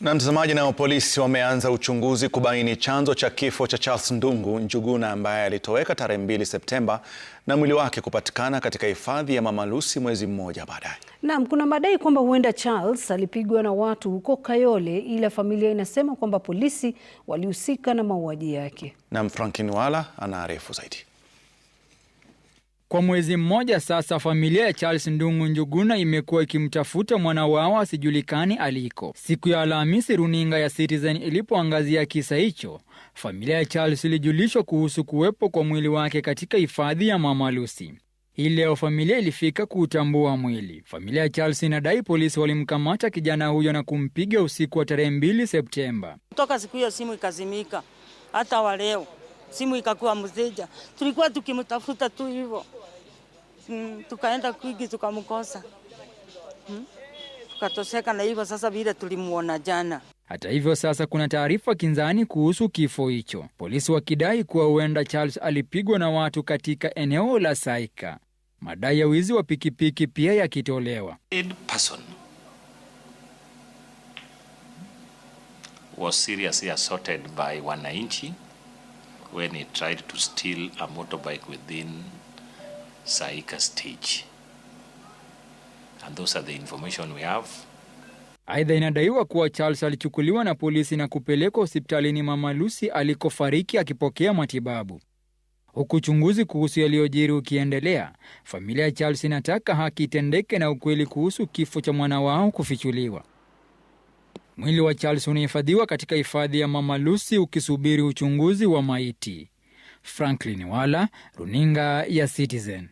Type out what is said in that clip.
Na mtazamaji, nao polisi wameanza uchunguzi kubaini chanzo cha kifo cha Charles Ndungu Njuguna ambaye alitoweka tarehe 2 Septemba na mwili wake kupatikana katika hifadhi ya Mama Lucy mwezi mmoja baadaye. Naam, kuna madai kwamba huenda Charles alipigwa na watu huko Kayole, ila familia inasema kwamba polisi walihusika na mauaji yake. Naam, frankin Wala anaarifu zaidi. Kwa mwezi mmoja sasa, familia ya Charles Ndung'u Njuguna imekuwa ikimtafuta mwana wao asijulikani aliko. Siku ya Alhamisi, runinga ya Citizen ilipoangazia kisa hicho, familia ya Charles ilijulishwa kuhusu kuwepo kwa mwili wake katika hifadhi ya Mama Lucy. Hii leo familia ilifika kuutambua mwili. Familia ya Charles inadai polisi walimkamata kijana huyo na kumpiga usiku wa tarehe 2 Septemba. Kutoka siku hiyo simu ikazimika hata wa leo simu ikakuwa mzeja, tulikuwa tukimtafuta tu hivyo mm, tukaenda kwigi tukamkosa mm, tukatoseka na hivyo sasa vile tulimuona jana. Hata hivyo sasa kuna taarifa kinzani kuhusu kifo hicho, polisi wakidai kuwa huenda Charles alipigwa na watu katika eneo la Saika, madai ya wizi wa pikipiki pia yakitolewa. was seriously assaulted by wananchi when he tried to steal a motorbike within Saika stage. And those are the information we have. Aidha, inadaiwa kuwa Charles alichukuliwa na polisi na kupelekwa hospitalini Mama Lucy alikofariki akipokea matibabu. Huku uchunguzi kuhusu yaliyojiri ukiendelea, familia ya Charles inataka haki itendeke na ukweli kuhusu kifo cha mwana wao kufichuliwa. Mwili wa Charles unahifadhiwa katika hifadhi ya Mama Lucy ukisubiri uchunguzi wa maiti. Franklin Wala, runinga ya Citizen.